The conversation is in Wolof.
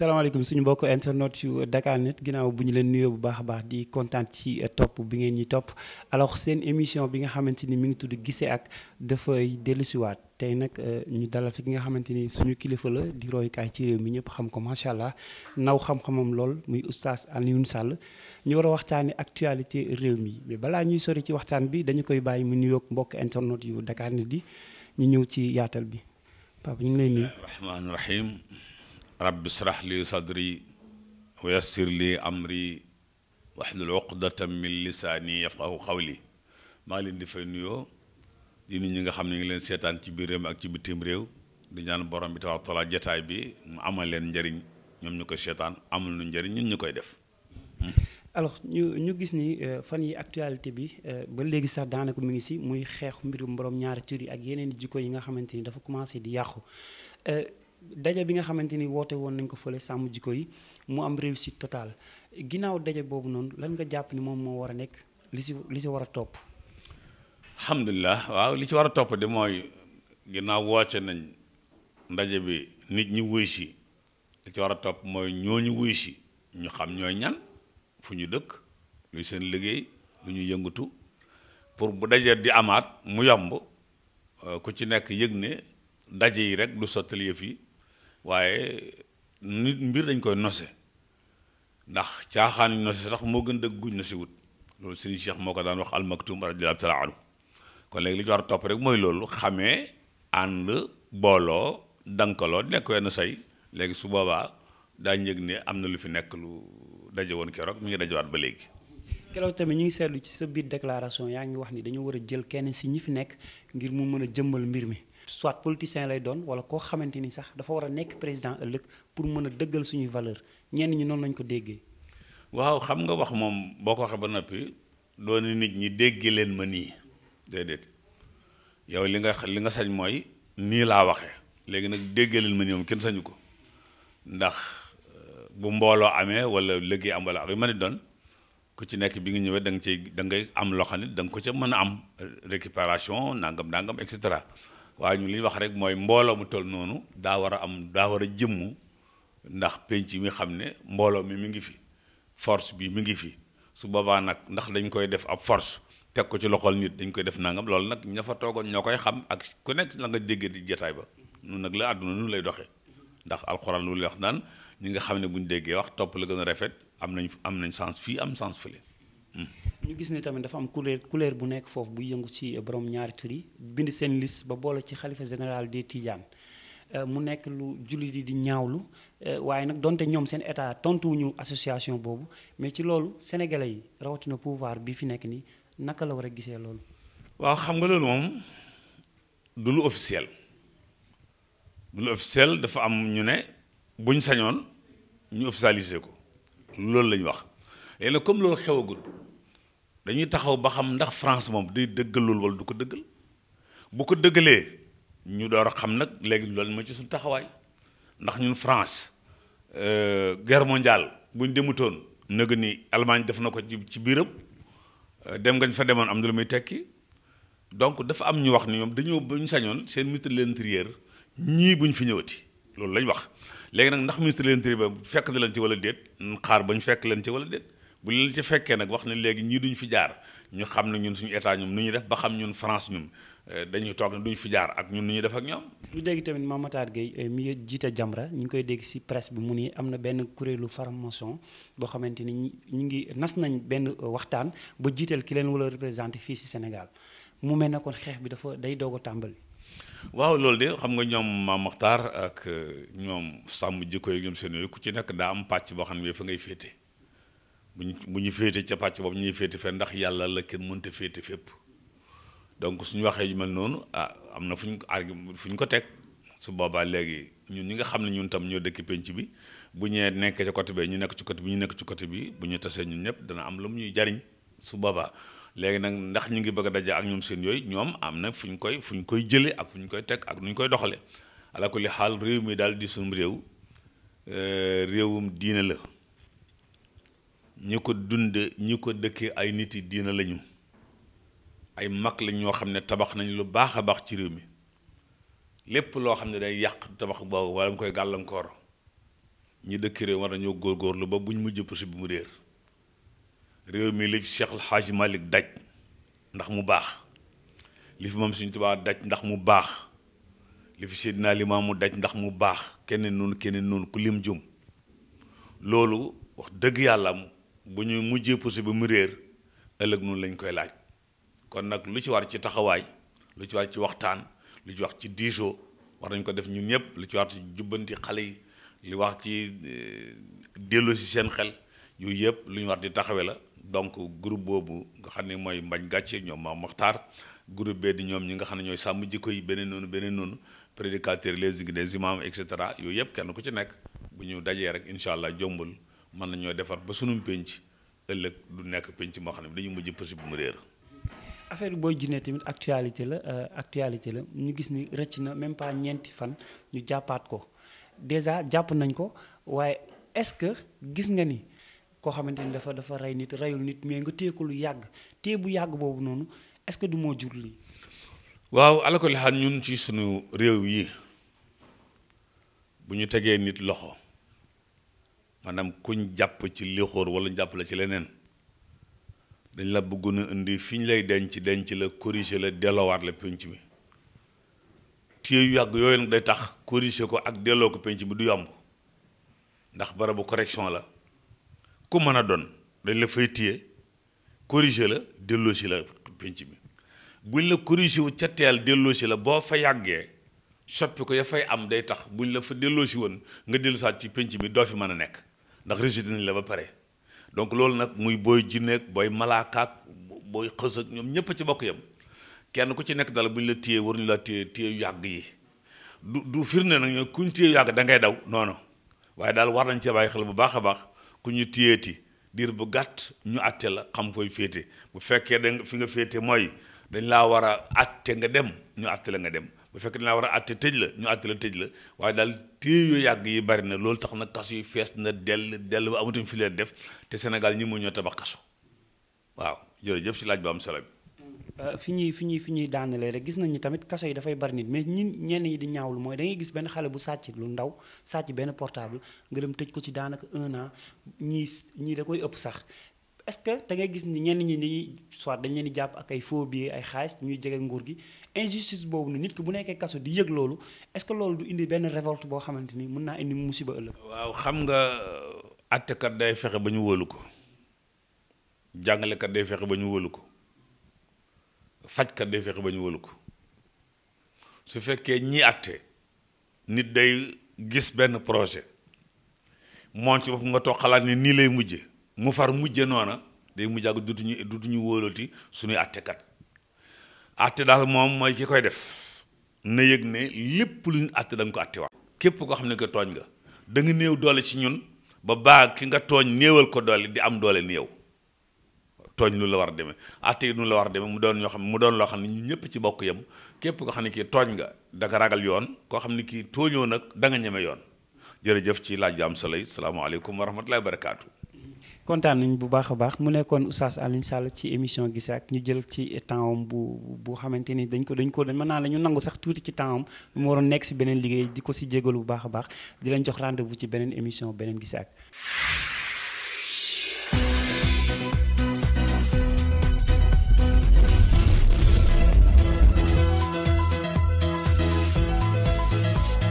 salaamaaleykum suñu mbokk internet yu Dakarnet ginnaaw bu ñu leen nuyoo bu baax baax di kontaan ci eh, topp bi ngeen ñi topp alors seen émission bi nga xamante ni mi ngi tudd gise ak dafay dellusiwaat tey nag eh, ñu dalal fi ki nga xamante ni suñu kilifa la di royukaay ci réew mi ñëpp xam ko macha allah naw xam-xamam lool muy oustaz Alioune sàll ñu war a waxtaanee actualité réew mi mais balaa ñuy sori ci waxtaan bi dañu koy bàyyi mu nuyoog mbokk internet yu Dakarnet di ñu ñëw ci yaatal bi ñu ngi lay rabbi israh li sadri wa yassir li amri waxlul uqdatam min lisaani xaw li maa ngi leen di fa nuyoo di nit nga xam ne ngi leen seetaan ci biir réew mi ak ci bitim réew di ñaan borom bi tabaaraka taala jataay bi mu amal leen njariñ ñoom ñu koy seetaan amul nu njëriñ ñun ñu koy def alors ñu ñu gis ni euh, fan yi actualité bi euh, ba léegi sax daanaka mu ngi si muy xeexu mbirum borom ñaari tur yi ak yeneen jikko yi nga xamante ni dafa commencé di yàqu euh, daje bi nga xamante ni woote woon nañ ko fële sàmm jikko yi mu am si totaal ginnaaw daje boobu noonu lan nga jàpp ni moom moo war a nekk li si li si war a topp. alhamdulilah waaw li ci war a topp de mooy ginnaaw woote nañ ndaje bi nit ñi wuy si li ci war a topp mooy ñooñu wuy si ñu xam ñooy ñan fu ñu dëkk luy seen liggéey lu ñu yëngatu pour bu daje di amaat mu yomb ku ci nekk yëg ne daje yi rek lu sottali yëf yi. waaye nit mbir dañ koy nose ndax caaxaan ñu nose sax moo gën dëgg guñ nose wut loolu sëriñ Cheikh moo ko daan wax almaktum radiyallaahu taala anhu kon léegi li ñu war a topp rek mooy loolu xamee ànd booloo dankaloo nekk wenn say léegi su boobaa daañ yëg ne am na lu fi nekk lu daje woon keroog mi ngi dajewaat ba léegi. keroog tamit ñu ngi seetlu ci sa biir déclaration yaa ngi wax ni dañu war a jël kenn si ñi fi nekk ngir mu mën a jëmmal mbir mi. soit politicien lay doon wala koo xamante ni sax dafa war a nekk président ëllëg pour mën a dëggal suñuy valeur ñeen ñi noonu lañ ko déggee. waaw xam nga wax moom boo ko waxee ba noppi doon nit ñi déggee leen ma nii déedéet yow li nga li nga sañ mooy nii laa waxee léegi nag déggee leen ma nii moom kenn sañu ko ndax euh, bu mbooloo amee wala léegi am wala ak yu mën a doon. ku ci nekk bi nga ñëwee da nga cay da ngay am loo xam ne da nga ko ca mën a am récupération nangam nangam et cetera waaye ñu li wax rek mooy mbooloo mu toll noonu daa war a am daa war a jëmm ndax penc mi xam ne mbooloo mi mi ngi fi force bi mi ngi fi su boobaa nag ndax dañ koy def ab force teg ko ci loxol nit dañ koy def nangam loolu nag ña fa toogoon ñoo koy xam ak ku la nga déggee di jataay ba nun nag la àdduna nun lay doxee ndax alxuraan lu lay wax naan ñi nga xam ne bu ñu déggee wax topp la gën a rafet am nañ am nañ sens fii am sens fële hmm. ñu gis ne tamit dafa am couleur couleur bu nekk foofu bu yëngu ci euh, borom ñaari tur yi bind seen liste ba boole ci xalifa général des Tidiane euh, mu nekk lu jullit yi di ñaawlu euh, waaye nag donte ñoom seen état tontuwuñu association boobu mais ci loolu sénégalais yi rawatina pouvoir bi fi nekk nii naka la war a gisee loolu. waaw xam nga loolu moom du lu officiel du lu officiel dafa am ñu ne buñ sañoon ñu officialisé ko loolu lañ wax léegi nag comme loolu xewagul. dañuy taxaw ba xam ndax France moom day dëggal loolu du ko dëggal bu ko dëggalee ñu door a xam nag léegi loolu ma ci suñu taxawaay ndax ñun France euh, guerre mondiale buñ demutoon nëg ni Allemagne def na ko ci ci biiram euh, dem nga ñu fa demoon am na lu muy tekki donc dafa am ñu wax ni ñoom dañoo bu ñu sañoon seen ministre de l'intérieur ñii buñ fi ñëwati loolu lañ wax léegi nag ndax ministre de l'intérieur ba fekk na leen ci wala déet xaar ba ñu fekk leen ci wala déet. bu leen ci fekkee nag wax ne léegi ñii duñ fi jaar ñu xam ne ñun suñu état ñun nu ñu def ba xam ñun France ñun euh, dañuy toog ne duñ fi jaar ak ñun nu ñu def ak ñoom. ñu dégg tamit Mame Matar Gueye euh, mi jiite Jamra ñu ngi koy dégg ci bi mu ni am na benn kuréelu franc-maçon boo xamante ni ñu ngi nas nañ benn euh, waxtaan ba jiital ki leen wala représenté fii ci Sénégal mu mel ne kon xeex bi dafa day doog tàmbali. waaw loolu de xam nga ñoom Mame Matar ak ñoom sàmm jikko yi ñoom seen yooyu ku ci nekk daa am pàcc boo xam ne fa ngay féete. bu ñu bu ñu féete ca pàcc boobu ñuy féete fenn ndax yàlla la kenn mënta féetee fépp donc suñu waxee yu noonu ah am na fu ñu argument fu ñu ko teg su boobaa léegi ñun ñi nga xam ne ñun tam ñoo dëkk penc bi bu ñee nekk ci côté bi ñu nekk ci côté bi ñu nekk ci côté bi bu ñu ñun ñëpp dana am lu mu ñuy jariñ su boobaa léegi nag ndax ñu ngi bëgg a ak ñoom seen yooyu ñoom am na fu ñu koy fu ñu koy jëlee ak fu ñu koy teg ak nu ñu koy doxale ala kulli xaal réew mii daal di suñu réew euh, réewum diine la ñi ko dunde ñi ko dëkkee ay nit yi diina lañu ay mag lañ ñoo xam ne tabax nañu lu baax a baax ci réew mi lépp loo xam ne day yàq tabax boobu wala mu koy gàllankoor ñi dëkk réew war nañoo góorgóorlu ba buñ mujj pusi bi mu réer réew mi li fi Cheikh El daj ndax mu baax li fi moom Sëñ Tuubaa daj ndax mu baax li fi Seydina Limaamu daj ndax mu baax kenn noonu kenn noonu ku lim jum loolu wax dëgg yàlla bu ñu mujjee pousse ba mu réer ëllëg noonu lañ koy laaj kon nag lu ci war ci taxawaay lu ci war ci waxtaan lu ci wax ci diisoo war nañ ko def ñun ñëpp lu ci war ci jubbanti xale yi li wax ci eh, dellu si seen xel yooyu yëpp lu ñu war di taxawee la donc groupe boobu nga xam ne mooy mbañ gàcce ñoom ma maxtaar groupe bee di ñoom ñi nga xam ne ñooy sàmm jikko yi beneen noonu beneen noonu prédicateur les les imams et cetera yooyu yëpp kenn ku ci nekk bu ñu dajee rek incha allah jombul mën nañoo defar ba sunum penc ëllëg du nekk penc moo xam ne dañu mujj pasi bu mu réer affaire bi booy jinnee tamit actualité la euh, actualité la ñu gis ni rëcc na même pas ñeenti fan ñu jàppaat ko déjà jàpp nañ ko waaye est-ce que gis nga ni koo xamante ni dafa dafa rey nit reyul nit mais nga téye ko lu yàgg téye bu yàgg boobu noonu est-ce que du moo jur lii waaw alakuli xaal ñun ci sunu réew yi bu ñu tegee nit loxo maanaam kuñ jàpp ci lixóor wala ñu ci leneen dañ la bëggoon a indi fi ñu lay denc denc la corriger la delloowaat la penc mi téye yàgg yooyu nag day tax corriger ko ak delloo ko penc mi du yomb ndax barabu correction la ku mën a doon dañ la fay tiye corriger la delloo si la penc mi buñ la corriger wu ca teel delloo si la boo fa yàggee soppi ko ya fay am day tax buñ la fa delloo si woon nga dellusaat ci penc bi doo fi mën a nekk ndax rejeté nañ la ba pare donc loolu nag muy booy jinneeg booy malaakaak booy xës ñoom ñëpp ci bokk yam kenn ku ci nekk dal bu ñu la téye waruñu la téye téye yàgg yi du du firnde nag ñoom ku ñu yàgg da ngay daw noonu waaye daal war nañ cee bàyyi xel bu baax a baax ku ñu téyeeti diir bu gàtt ñu àtte la xam fooy féete bu fekkee da fi nga féete mooy dañ laa war a àtte nga dem ñu àtte la nga dem bu fekk dinaa war a àtte tëj la ñu àtte la tëj la waaye daal téye yu yàgg yi bari na loolu tax na kaso yi fees na dell dell ba amatuñ def te Sénégal ñi mu ñoo tabax kaso waaw jërëjëf ci laaj bu am solo bi euh, fi ñuy fi ñuy fi ñuy daanelee rek gis nañ ni tamit kaso yi dafay bari nit mais ñi ñenn ñi di ñaawlu mooy da gis benn xale bu sàcc lu ndaw sàcc benn portable nga dem tëj ko ci daanaka un an ñii ñii da koy ëpp sax est-ce que da ngay gis ni ñenn ñi ni soit dañ leen jàpp ak ay phobie ay xaalis ñuy jege nguur gi injustice boobu nit ki bu nekkee kaso di yëg loolu est-ce que loolu du indi benn révolte boo xamante ni mën naa indi musiba ëllëg. waaw xam nga euh, àttekat day fexe ba ñu wóolu ko jàngalekat day fexe ba ñu wóolu ko fajkat day fexe ba ñu wóolu ko su fekkee ñii àtte nit day gis benn projet moom ci bopp nga toog xalaat ni nii lay mujje mu far mujje noona day mujj ak dutuñu dutuñu wóolati suñuy àttekat àtte daal moom mooy ki koy def na yëg ne lépp lu ñu àtte da ko àtte wax képp koo xam ne ko tooñ nga da néew doole ci ñun ba baa ki nga tooñ néewal ko doole di am doole yow tooñ lu la demee àtte yi la war demee mu doon ñoo xam mu doon loo xam ne ñëpp ci bokk yem képp koo xam ne kii tooñ nga da ragal yoon koo xam ne kii tooñoo nag da nga ñeme yoon jërëjëf ci laaj yu am solo yi salaamaaleykum wa rahmatullahi wa barakaatu kontaan nañ bu baax a baax mu nekkoon Oustaz Alioune Sall ci émission gise ak ñu jël ci tempsam bu bu xamante ni dañ ko dañ ko dañ mën naa la ñu nangu sax tuuti ci tempsam mu waroon nekk si beneen liggéey di ko si jégalu bu baax a baax di lañ jox rendez-vous ci beneen émission beneen gise ak